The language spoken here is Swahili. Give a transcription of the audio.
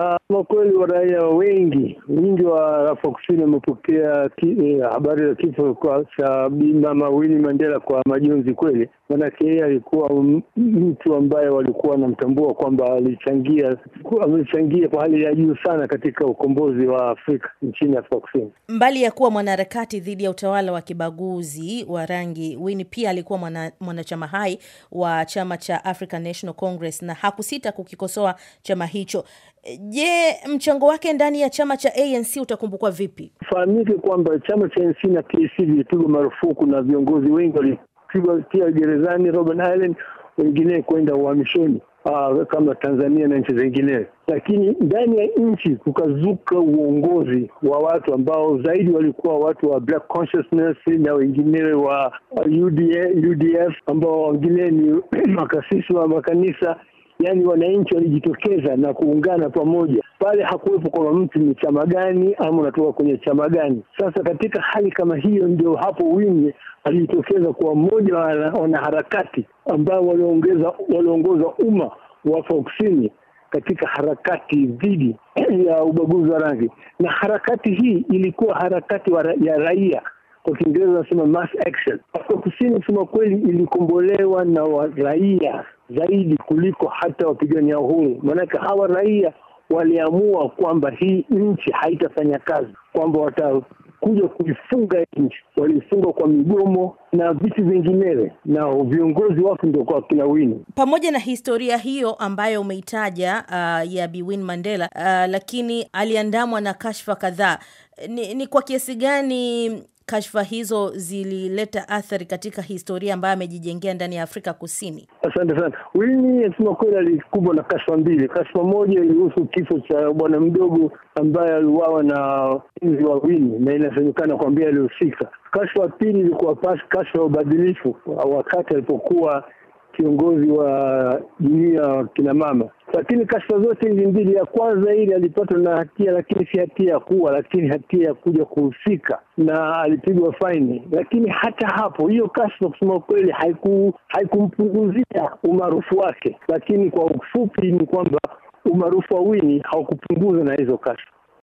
Ah, kwa uh, kweli raia wengi wingi wa Afrika Kusini wamepokea eh, habari za kifo cha mama Winnie Mandela kwa majonzi kweli, maanake yeye alikuwa mtu ambaye walikuwa wanamtambua kwamba alichangia amechangia kwa hali ya juu sana katika ukombozi wa Afrika nchini Afrika Kusini. Mbali ya kuwa mwanaharakati dhidi ya utawala wa kibaguzi wa rangi, Winnie pia alikuwa mwana, mwanachama hai wa chama cha African National Congress na hakusita kukikosoa chama hicho. Je, mchango wake ndani ya chama cha ANC utakumbukwa vipi? Fahamike kwamba chama cha ANC na PAC vilipigwa marufuku na viongozi wengi walipigwa pia gerezani robin Island, wengine kwenda uhamishoni ah, kama Tanzania na nchi zingine, lakini ndani ya nchi kukazuka uongozi wa watu ambao zaidi walikuwa watu wa black consciousness na wengine wa UDA, UDF ambao wengine ni makasisi wa makanisa yani wananchi walijitokeza na kuungana pamoja pale, hakuwepo kwamba mtu ni chama gani ama unatoka kwenye chama gani. Sasa katika hali kama hiyo, ndio hapo Winyi alijitokeza kuwa mmoja wa wanaharakati ambao waliongoza umma wa Afrika Kusini katika harakati dhidi ya ubaguzi wa rangi, na harakati hii ilikuwa harakati ra ya raia kwa Kiingereza nasema mass action. Afrika Kusini kusema kweli ilikombolewa na raia zaidi kuliko hata wapigania uhuru, maanake hawa raia waliamua kwamba hii nchi haitafanya kazi, kwamba watakuja kuifunga nchi. Waliifunga kwa migomo na vitu vinginevyo, na viongozi wake ndio kwa kina Wini. Pamoja na historia hiyo ambayo umeitaja uh, ya Biwin Mandela uh, lakini aliandamwa na kashfa kadhaa. Ni, ni kwa kiasi gani kashfa hizo zilileta athari katika historia ambayo amejijengea ndani ya Afrika Kusini? Asante sana. wini asema kweli alikubwa na kashfa mbili. Kashfa moja ilihusu kifo cha bwana mdogo ambaye aliuawa na mlinzi wa wini na inasemekana kwambia alihusika. Kashfa pili ilikuwa kashfa ya ubadilifu wakati alipokuwa kiongozi wa jumuiya ya kina mama, lakini kashfa zote hizi mbili, ya kwanza ile alipatwa na hatia, lakini si hatia ya kuwa, lakini hatia ya kuja kuhusika na alipigwa faini. Lakini hata hapo, hiyo kashfa kusema kweli haiku haikumpunguzia umaarufu wake, lakini kwa ufupi ni kwamba umaarufu wa Wini haukupunguza na hizo kashfa.